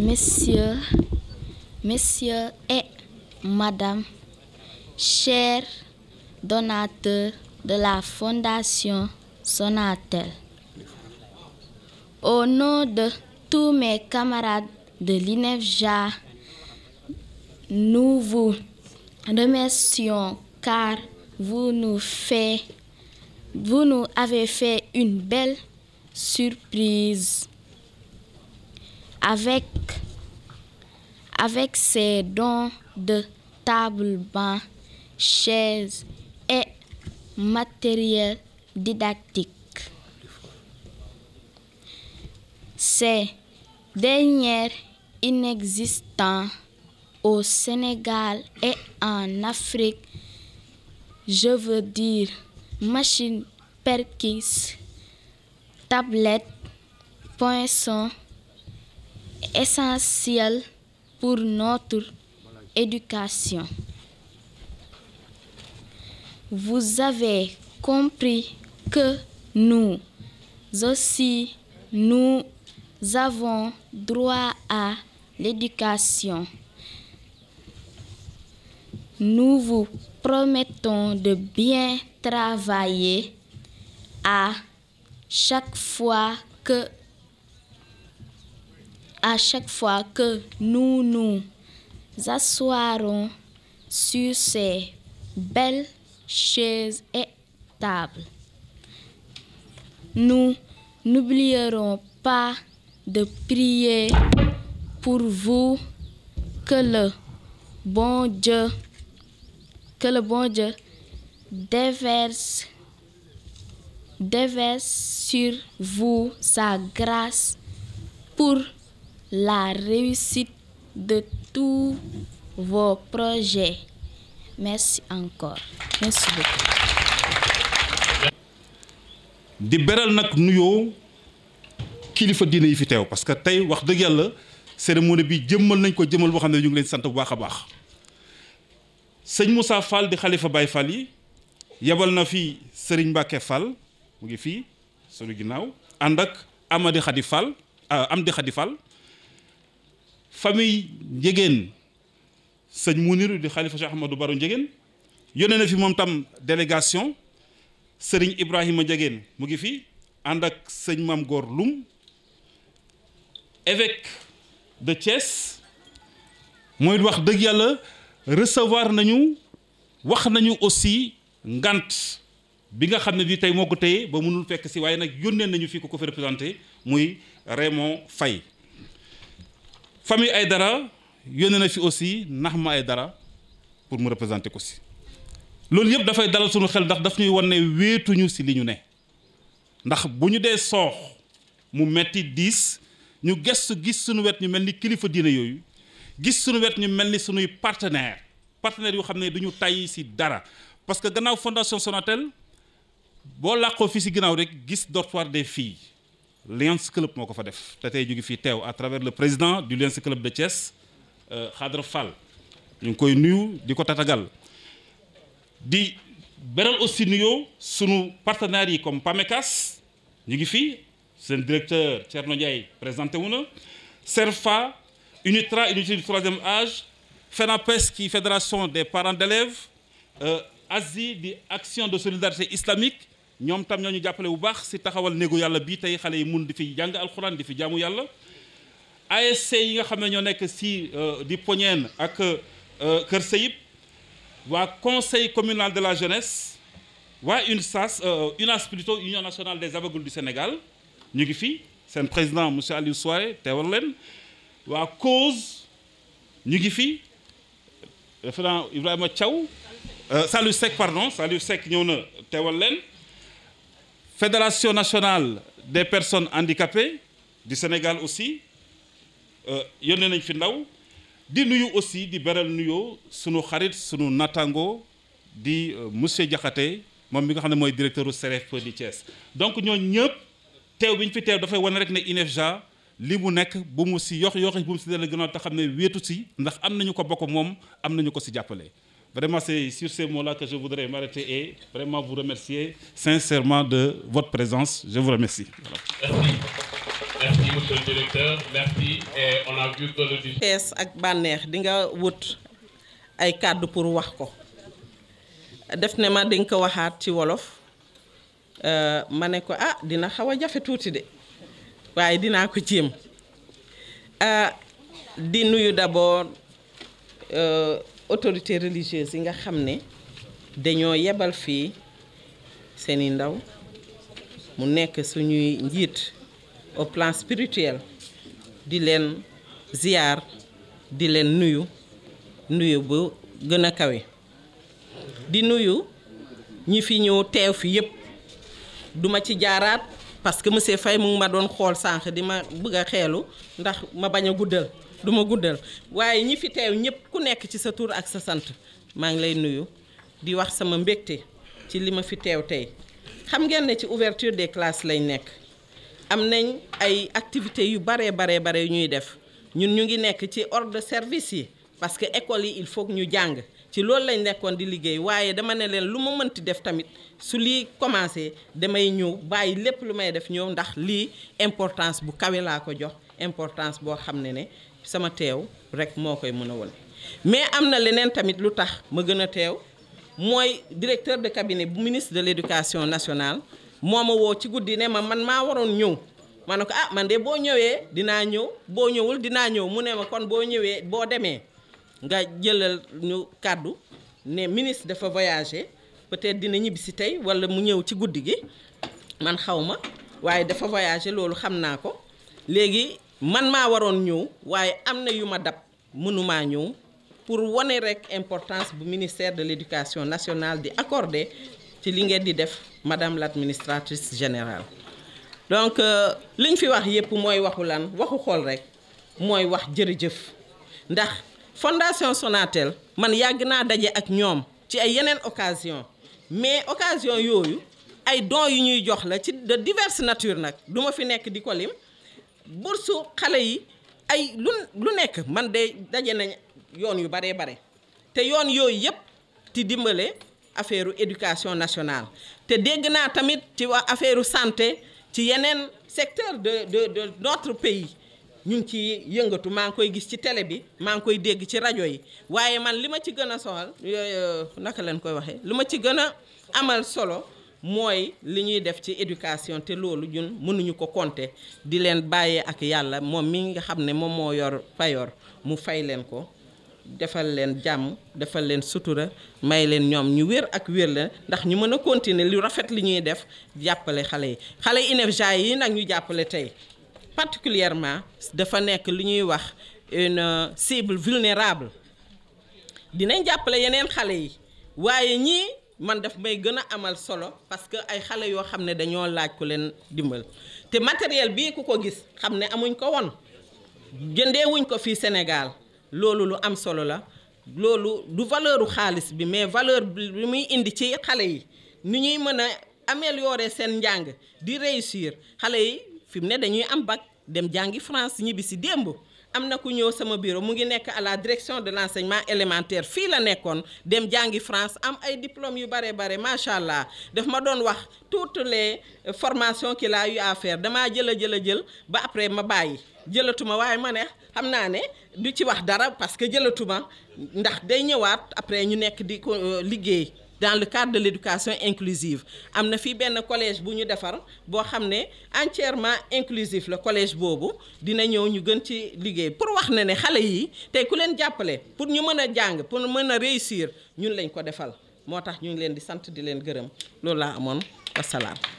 messieurs, messieurs et madame, chers donateurs de la Fondation Sonatel. Au nom de tous mes camarades de l'INEFJA, nous vous remercions car vous nous avez fait une belle surprise. avec, ses dons de table, banc, chaises et matériel didactique. Ces dernières inexistant au Sénégal et en Afrique, je veux dire machines perquises, tablettes, poinçons, essentiel pour notre éducation. Vous avez compris que nous aussi, nous avons droit à l'éducation. Nous vous promettons de bien travailler à chaque fois que à chaque fois que nous nous assoirons sur ces belles chaises et Nous n'oublierons pas de prier pour vous que le bon Dieu, que sur vous sa grâce la réussite de tous vos di beral nag nuyoo kilifa diine yi fi teew parce que tey wax dëgg yàlla cérémonie bi jëmmal nañ ko jëmal boo xam ne ñu ngi leen sant bu baax a baax sëñ Moussa Fall di xalifa Baye Fall yi yebal na fi sëriñ Mbacke Fall mu ngi fii sunu ginnaaw ànd ak Amady Khady Fall euh, Amady famille njegéen sëñ Mouniru di xalifa Cheikh Ahmadou Baro njegéen yónnee na fi moom tam délégation sëriñ Ibrahima njegéen mu ngi fii ànd ak sëñ Mam Góor Lum évêque de Thiès mooy wax dëgg yàlla resevoir nañu wax nañu aussi ngant bi nga xam ne bi tey moo ko téye ba mënul fekk si waaye nag yónnee nañu fi ku ko fi représenté muy Raymond fay famille dara yónnee na fi aussi nax ma dara pour mu représenter ko si loolu yëpp dafay dalal sunu xel ndax dafa ñuy wan ne wéetuñu si li ñu ne ndax bu ñu dee soox mu metti diis ñu gestu gis suñu wet ñu mel ni kilifa diine yooyu gis sunu wet ñu mel ni suñuy partenaire partenaires yoo xam ne du ñu tàyyi si dara parce que gannaaw fondation Sonatel boo làqoo fii si gannaaw rek gis dortoir des filles Lions Club moo ko fa def te tey ñu ngi fii teew à travers le président du Lions Club de Thiès euh, Khadra fal ñu ngi koy nuyu di ko tatagal di beral aussi nuyoo sunu partenaires yi comme PAMECAS ñu ngi fii seen directeur Thierno Ndiaye présenté wu na CERFA UNITRA unité du troisième âge FENAPES qui fédération des parents d'élèves euh, ASI di action de solidarité islamique ñoom tam ñoo ñu jàppale bu baax si taxawal néegu yàlla bii tey xale yi mun di fi jàng alxuraan di fi jaamu yàlla ASC yi nga xam ne ñoo nekk si euh, di Poñeen ak euh, Kër Seyib waa conseil communal de la jeunesse waa une UNSAS euh, UNAS plutôt union nationale des aveugles du Sénégal ñu ngi fi seen président monsieur Aliou Souare teewal leen waa cause ñu ngi fi référent Ibrahima caw salu Seck pardon Saliou Seck ñëw na teewal leen Fédération nationale des personnes handicapées di Sénégal aussi euh, yónnee nañ fi ndaw di nuyu aussi di beral nuyoo sunu xarit suñu nattango di euh, monsieur Diakhaté moom mi nga xam ne mooy directeur u CRFPE di Thiès donc ñooñ ñëpp teew bi ñu fi teew dafay wane rek ne INEFJA li mu nekk bu mu si yox yoxi bu mu si delloo gannaaw te xam ne wéetu si ndax am nañu ko bokk moom am nañu ko si jàppale Vraiment, c'est sur ces mots-là que je voudrais m'arrêter et vraiment vous remercier sincèrement de votre présence. Je ak bànneex di nga wut ay kàddu pour wax ko def ne ma di ko waxaat ci wolof euh, ma ne ko ah dina xaw a jafe tuuti de waaye dinaa ko jéem euh, di nuyu d'abord. Euh, autorité religieuses yi nga xam ne dañoo yebal fii seeni ndaw mu nekk suñuy njiit au plan spirituel di leen ziyaar di leen nuyu nuyu bu gën a kawe di nuyu ñi fi ñëw teew fii yépp duma ci jaaraat parce que monsieur Faye mu ngi ma doon xool sànq di ma bëgg a xeelu ndax ma bañ a guddal duma guddal waaye ñi fi teew ñëpp ku nekk ci sa tur ak sa sant maa ngi lay nuyu di wax sama mbégte ci li ma fi teew tey xam ngeen ne ci ouverture des classes lañ nekk am nañ ay activités yu baree baree bare yu ñuy def ñun ñu ngi nekk ci ordre service yi parce que école yi il faut ñu jàng ci loolu lañ nekkoon di liggéey waaye dama ne leen lu ma mënti def tamit su lii commencé damay ñëw bàyyi lépp lu may def ñëw ndax lii importance bu kawe laa ko jox importance boo xam ne ne sama teew rek moo koy mën a wane mais am na leneen tamit lu tax ma gën a teew mooy directeur de cabinet bu ministre de l'éducation nationale moo ma woo ci guddi ne ma man maa waroon ñëw ma ne ko ah man de boo ñëwee dinaa ñëw boo ñëwul dinaa ñëw mu ne ma kon boo ñëwee boo demee nga jëlal ñu kàddu ne ministre dafa voyager peut-être dina ñibbisi tey walla mu ñëw ci guddi gi man xaw ma waaye dafa voyager loolu xam naa ko léegi man maa waroon ñëw waaye am na yu ma dab mënumaa ñëw pour wane rek importance bu ministère de l'éducation nationale di accordé ci li ngeen di def madame l'administratrice général donc euh, li ñu fi wax yépp mooy waxu lan waxu xool rek mooy wax jërëjëf ndax fondation Sonatel man yàgg naa daje ak ñoom ci ay yeneen occasion mais occasion yooyu ay dons yu ñuy jox la ci de diverses natures nag du ma fi nekk di ko lim bourse xale yi ay lu lu nekk man de daje nañ yoon yu baree bare te yoon yooyu yëpp ti dimbale affaire éducation nationale te dégg naa tamit ci wax affaire santé ci yeneen secteur de de de notre pays ñu ngi ci yëngatu maa ngi koy gis ci télé bi maa ngi koy dégg ci rajo yi waaye man li ma ci gën a soxal naka leen koy waxee li ma ci gën a amal solo mooy li ñuy def ci éducation te loolu ñun mënuñu ko compter di leen bàyyee ak yàlla moom mi nga xam ne moom moo yor payoor mu fay leen ko defal leen jàmm defal leen sutura may leen ñoom ñu wér ak wér la ndax ñu mën a continuer lu rafet li ñuy def jàppale xale yi xale yi INEFJA yi nag ñu jàppale tey particulièrement dafa nekk li ñuy wax une euh, cible vulnérable dinañ jàppale yeneen xale yi waaye ñii man daf may gën a amal solo parce que ay xale yoo xam ne dañoo laaj ku leen dimbal te matériel bii ku ko gis xam ne amuñ ko woon jëndeewuñ ko fii Sénégal loolu lu am solo la loolu du valeur u xaalis bi mais valeur bi muy indi ci xale yi ni ñuy mën a améliorer seen njàng di réussir xale yi fi mu ne dañuy am bac dem jàngi France ñibbi si démb am na ku ñëw sama bureau mu ngi nekk à la direction de l' enseignement élémentaire fii la nekkoon dem jàngi France am ay diplômes yu bare bare macha allah dafa ma doon wax toutes les euh, formation qu'il a eu damaa jël a jël a jël ba après ma bàyyi jëlatuma waaye ma ne xam naa ne du ci wax dara parce que jëlatuma ndax day ñëwaat après ñu nekk di ko euh, liggéey. dans le cadre de l'éducation inclusive am na fii benn collège bu ñu defar boo xam ne entièrement inclusif la collège boobu dina ñëw ñu gën ci liggéey pour wax na ne xale yi tey ku leen jàppale pour ñu mën a jàng pour mën a réussir ñun lañ ko defal moo tax ñu ngi leen di sant di leen gërëm loolu laa amoon wasalaam